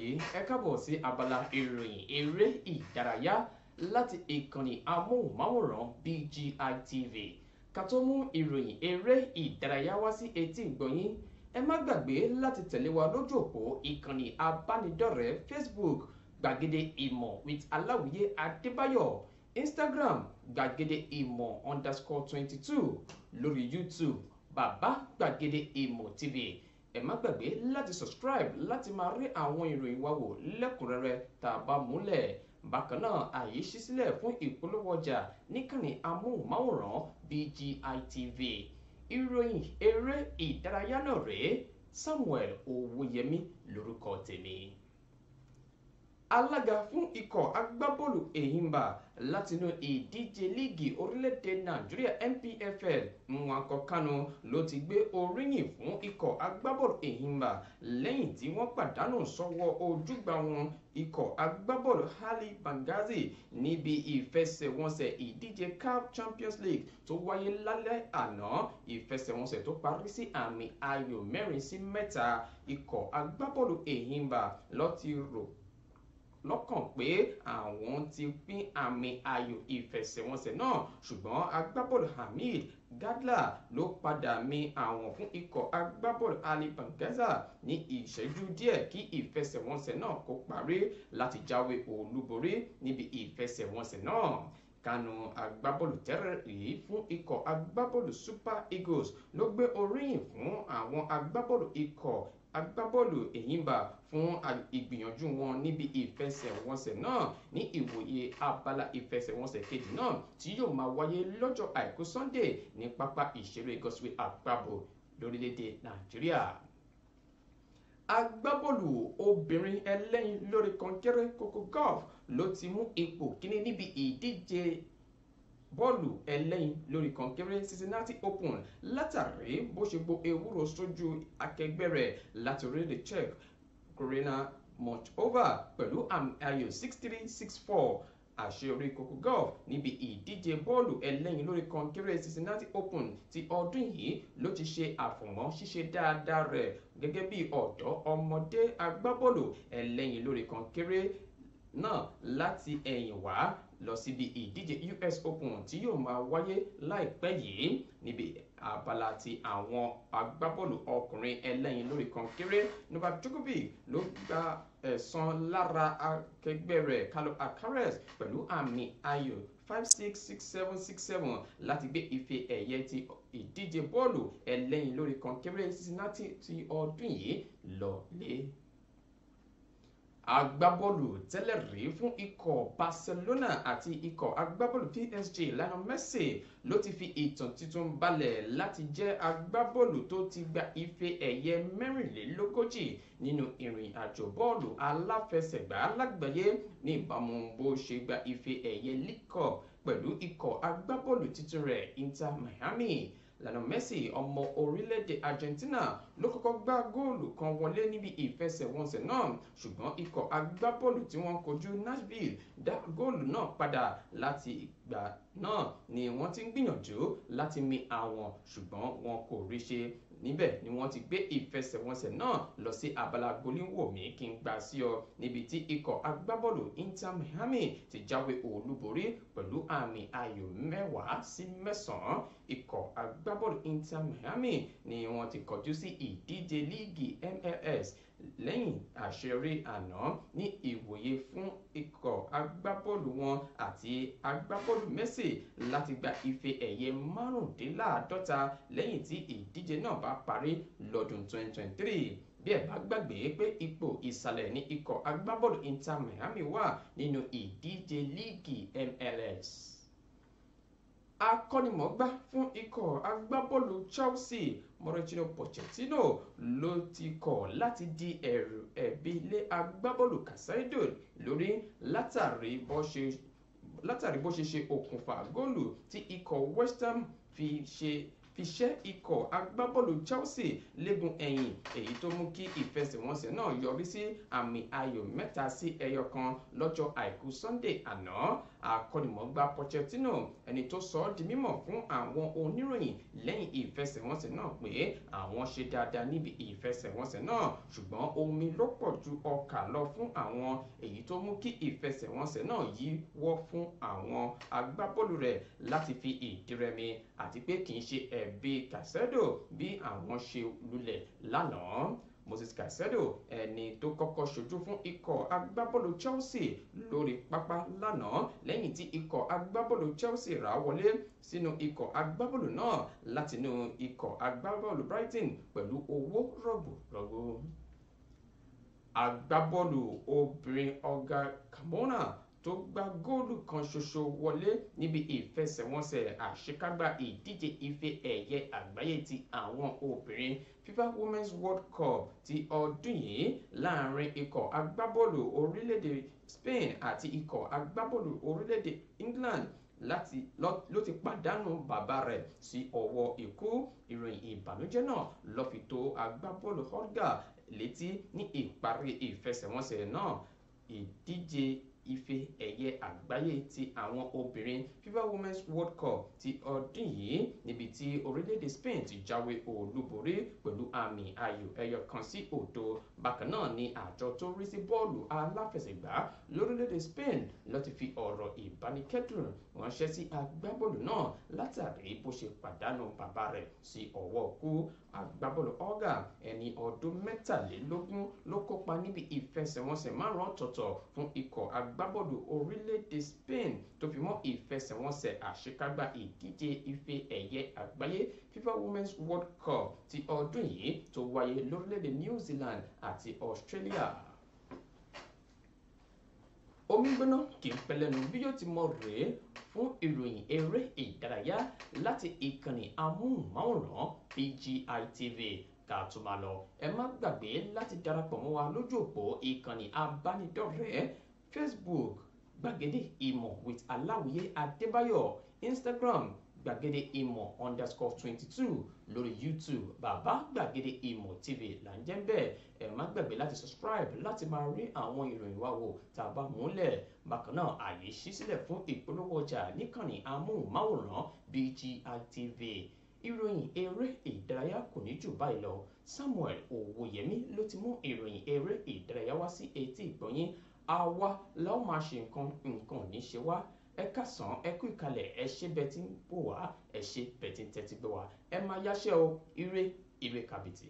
yìí ẹ káàbọ̀ sí abala ìròyìn eré ìdárayá láti ìkànnì amóhùnmáwòrán BGI TV ká tó mú ìròyìn eré ìdárayá wá sí etí ìgbọ̀nyín ẹ má gbàgbé láti tẹ̀lé wa lójú òpó ìkànnì abánidọ́rẹ̀ẹ́ Facebook gbàgede ìmọ̀ with aláwìyé adébáyọ̀ Instagram gbàgede ìmọ̀ underscore twenty two lórí YouTube bàbá gbàgede ìmọ̀ TV ẹ má gbàgbé láti subscribe láti máa rí àwọn ìròyìn wa wò lẹ́kùnrẹ́rẹ́ tá a bá múlẹ̀ bákan náà àyè ṣí sílẹ̀ fún ìpolówó ọjà níkànnì amóhùnmáwòrán BGI ìròyìn eré ìdárayá náà rèé Samuel Owóyẹmí lórúkọ tèmi alága fún ikọ̀ agbábọ́ọ̀lù èyínbà látinú ìdíje líìgì orílẹ̀-èdè nàìjíríà NPFL Nwankwo Kanu ló ti gbé oríyìn fún ikọ̀ agbábọ́ọ̀lù èyínbà lẹ́yìn tí wọ́n pàdánù sọ́wọ́ ojúgbà wọn ikọ̀ agbábọ́ọ̀lù hali bangazi níbi ìfẹsẹ̀wọnsẹ̀ ìdíje CAF Champions League tó wáyé lálẹ́ àná ìfẹsẹ̀wọnsẹ̀ tó parí sí àmì ayò mẹ́rin sí mẹ́ta ikọ̀ agbábọ́ọ̀lù èyínbà ló ti rò lọ́kàn pé àwọn ti pín àmì ayò ìfẹsẹ̀wọnsẹ̀ náà ṣùgbọ́n agbábọ́ọ̀lù Hamid Gadla ló padà mi àwọn fún ikọ̀ agbábọ́ọ̀lù Ali Bangaza ní ìṣẹ́jú díẹ̀ kí ìfẹsẹ̀wọnsẹ̀ náà kó parí láti jáwé olúborí níbi ìfẹsẹ̀wọnsẹ̀ náà kanu agbábọ́ọ̀lù tẹ́rẹ̀ yìí fún ikọ̀ agbábọ́ọ̀lù Super Eagles ló gbé oríyìn fún àwọn agbábọ́ọ̀lù ikọ̀ agbábọ́ọ̀lù Enyimba fún ìgbìyànjú wọn níbi ìfẹsẹ̀wọnsẹ̀ náà ní ìwòye abala ìfẹsẹ̀wọnsẹ̀ kejì náà tí yóò máa wáyé lọ́jọ́ àìkú Sunday ní pápá ìṣeré Godswill Akpabio lórílẹ̀‐èdè Nàìjíríà agbábọ́ọ̀lù obìnrin ẹlẹ́yin lórí kọnkéré kókó golf ló ti mú ipò kíní níbi ìdíje bọ́ọ̀lù ẹlẹ́yin lórí kọ̀ǹkéré Cincinnati Open látàrí bó ṣe gbo ewúro sójú akẹgbẹ́ rẹ̀ láti orílẹ̀-èdè Czech Corina Muchova pẹ̀lú ayò 6-3 6-4 àṣeyọrí kókó golf níbi ìdíje bọ́ọ̀lù ẹlẹ́yin lórí kọnkéré Cincinnati Open ti ọdún yìí ló ti ṣe àfọ̀mọ́ ṣíṣe dáadáa rẹ̀ gẹ́gẹ́ bí ọ̀dọ́ ọmọdé agbábọ́ọ̀lù ẹlẹ́yin lórí kọnkéré náà láti ẹ̀yìn wá lọ síbi ìdíje US Open tí yóò máa wáyé láìpẹ́ yìí níbi abala ti àwọn agbábọ́ọ̀lù ọkùnrin ẹlẹ́yin lórí kọnkéré Novak Djokovic ló gba ẹ̀san lára akẹgbẹ́ rẹ̀ Carlos Alcaraz pẹ̀lú àmì ayò five six six seven six seven láti gbé ife ẹ̀yẹ ti ìdíje bọ́ọ̀lù ẹlẹ́yin lórí kọnkéré Cincinnati ti ọdún yìí lọ lé agbábọ́ọ̀lù tẹ́lẹ̀ rí fún ikọ̀ Barcelona àti ikọ̀ agbábọ́ọ̀lù PSG Lionel Messi ló ti fi ìtàn tuntun balẹ̀ láti jẹ́ agbábọ́ọ̀lù tó ti gba ife ẹ̀yẹ mẹ́rìnlélógójì nínú ìrìn àjò bọ́ọ̀lù aláfẹsẹ̀gbá lágbàáyé ní ìbámu bó ṣe gba ife ẹ̀yẹ League Cup pẹ̀lú ikọ̀ agbábọ́ọ̀lù tuntun rẹ̀ Inter Miami Lionel Messi ọmọ orílẹ̀-èdè Argentina ló kọ́kọ́ gbá góòlù kan wọlé níbi ìfẹsẹ̀wọnsẹ̀ náà ṣùgbọ́n ikọ̀ agbábọ́ọ̀lù tí wọ́n kojú Nashville dá góòlù náà padà láti ìgbà náà ni wọ́n ti ń gbìyànjú láti mi àwọn ṣùgbọ́n wọn kò rí ṣe níbẹ̀ ni wọ́n ti gbé ìfẹsẹ̀wọnsẹ̀ náà lọ sí abala gbolíwòmí kí n gbà sí ọ níbi tí ikọ̀ agbábọ́ọ̀lù Inter Miami ti jáwé olúborí pẹ̀lú àmì ayò mẹ́wàá sí mẹ́sàn-án ikọ̀ agbábọ́ọ̀lù Inter Miami ni wọ́n ti kọjú sí ìdíje líìgì MLS lẹ́yìn àṣeyọrí àná ní ìwòye fún ikọ̀ agbábọ́ọ̀lù wọn àti agbábọ́ọ̀lù Messi láti gba ife ẹ̀yẹ márùndínláàádọ́ta lẹ́yìn tí ìdíje náà bá parí lọ́dún 2023 bí ẹ bá gbàgbé pé ipò ìsàlẹ̀ ní ikọ̀ agbábọ́ọ̀lù Inter Miami wà nínú ìdíje líìgì MLS akọ́nimọ̀ọ́gbá fún ikọ̀ agbábọ́ọ̀lù Chelsea Mauricio Pochettino ló ti kọ̀ láti di ẹ̀rù ẹ̀bi lé agbábọ́ọ̀lù Casado lórí látàrí bó ṣe látàrí bó ṣe ṣe okùnfà góòlù tí ikọ̀ West Ham fi ṣe fiṣẹ́ ikọ̀ agbábọ́ọ̀lù Chelsea légun ẹ̀yìn èyí tó mú kí ìfẹsẹ̀wọnsẹ̀ náà yọrí sí àmì ayò mẹ́ta sí ẹyọ kan lọ́jọ́ àìkú Sunday àná akọ́nimọ̀gbá Pochettino ẹni tó sọ ọ́ di mímọ̀ fún àwọn oníròyìn lẹ́yìn ìfẹsẹ̀wọnsẹ̀ náà pé àwọn ṣe dáadáa níbi ìfẹsẹ̀wọnsẹ̀ náà ṣùgbọ́n omi ló pọ̀ ju ọkà lọ fún àwọn èyí tó mú kí ìfẹsẹ̀wọnsẹ̀ náà yí wọ́ fún àwọn agbábọ́ọ̀lù rẹ̀ láti fi ìdí rẹmi àti pé kì í ṣe ẹ̀bi Caicedo bí àwọn ṣe lulẹ̀ lánàá Moses Caicedo ẹni tó kọ́kọ́ ṣojú fún ikọ̀ agbábọ́ọ̀lù Chelsea lórí pápá lánàá lẹ́yìn tí ikọ̀ agbábọ́ọ̀lù Chelsea rà wọlé sínú ikọ̀ agbábọ́ọ̀lù náà látinú ikọ̀ agbábọ́ọ̀lù Brighton pẹ̀lú owó rọ̀gbọ̀rọ̀gbọ̀ agbábọ́ọ̀lù obìnrin Olga Carmona tó gbá góòlù kan ṣoṣo wọlé níbi ìfẹsẹ̀wọnsẹ̀ àṣekágbá ìdíje ife ẹ̀yẹ àgbáyé ti àwọn obìnrin fifa women's world cup ti ọdún yìí láàrin ikọ̀ agbábọ́ọ̀lù orílẹ̀-èdè spain àti ikọ̀ agbábọ́ọ̀lù orílẹ̀-èdè england láti ló ti pàdánù bàbá rẹ̀ sí ọwọ́ ikú ìròyìn ìbànújẹ́ náà ló fi tó agbábọ́ọ̀lù Holga létí ní ìparí ìfẹsẹ̀wọnsẹ̀ náà ìdíje ife ẹ̀yẹ àgbáyé ti àwọn obìnrin fifa women's world cup ti ọdún yìí níbi tí orílẹ̀-èdè spain ti jáwé olúborí pẹ̀lú àmì ayò ẹyọ kan sí òdo bákan náà ni àjọ tó rí sí bọ́ọ̀lù aláfẹsẹ̀gbá lórílẹ̀-èdè spain ló ti fi ọ̀rọ̀ ìbánikẹ́dùn ránṣẹ́ sí agbábọ́ọ̀lù náà látàrí bó ṣe pàdánù bàbá rẹ̀ sí ọwọ́ kú agbábọ́ọ̀lù ọ̀gá ẹni ọdún mẹ́tàlélógún ló kópa níbi ìfẹsẹ̀wọnsẹ̀ márùn-ún ọ̀tọ̀ọ̀tọ̀ fún ikọ̀ agbábọ́ọ̀lù agbábọ́ọ̀lù orílẹ̀-èdè Spain tó fi mọ́ ìfẹsẹ̀wọnsẹ̀ àṣekágbá ìdíje ife ẹ̀yẹ àgbáyé FIFA Women's World Cup ti ọdún yìí tó wáyé lórílẹ̀-èdè New Zealand àti Australia omi gbóná kì í pẹ́ bí yóò ti mọ rèé fún ìròyìn eré ìdárayá láti ìkànnì amóhùnmáwòrán BGI TV ká tó máa lọ ẹ má gbàgbé láti darapọ̀ mọ́ wa lójú òpó ìkànnì abánidọ́rẹ̀ẹ́ Facebook gbàgede ìmọ̀ with aláwìyé adébáyọ̀ Instagram gbàgede ìmọ̀ underscore twenty two lórí YouTube bàbá gbàgede ìmọ̀ TV là ń jẹ́ ń bẹ́ẹ̀ ẹ má gbàgbé láti subscribe láti máa rí àwọn ìròyìn wa wò tá a bá múlẹ̀ bákan náà àyè ṣí sílẹ̀ fún ìpolówó ọjà níkànnì amóhùnmáwòrán BGI TV ìròyìn eré ìdárayá kò ní jù báyìí lọ Samuel Owóyẹmí ló ti mú ìròyìn eré ìdárayá wá sí etí ìgbọ̀nyín àwa la ó máa ṣe nǹkan nǹkan ò ní ṣe wá ẹ kásán ẹ kú ìkàlẹ̀ ẹ ṣe bẹ́ẹ̀ tí ń bò wá ẹ ṣe bẹ́ẹ̀ tí ń tẹ́tí gbé wá ẹ máa yáṣẹ́ o ire ire kàbìtì.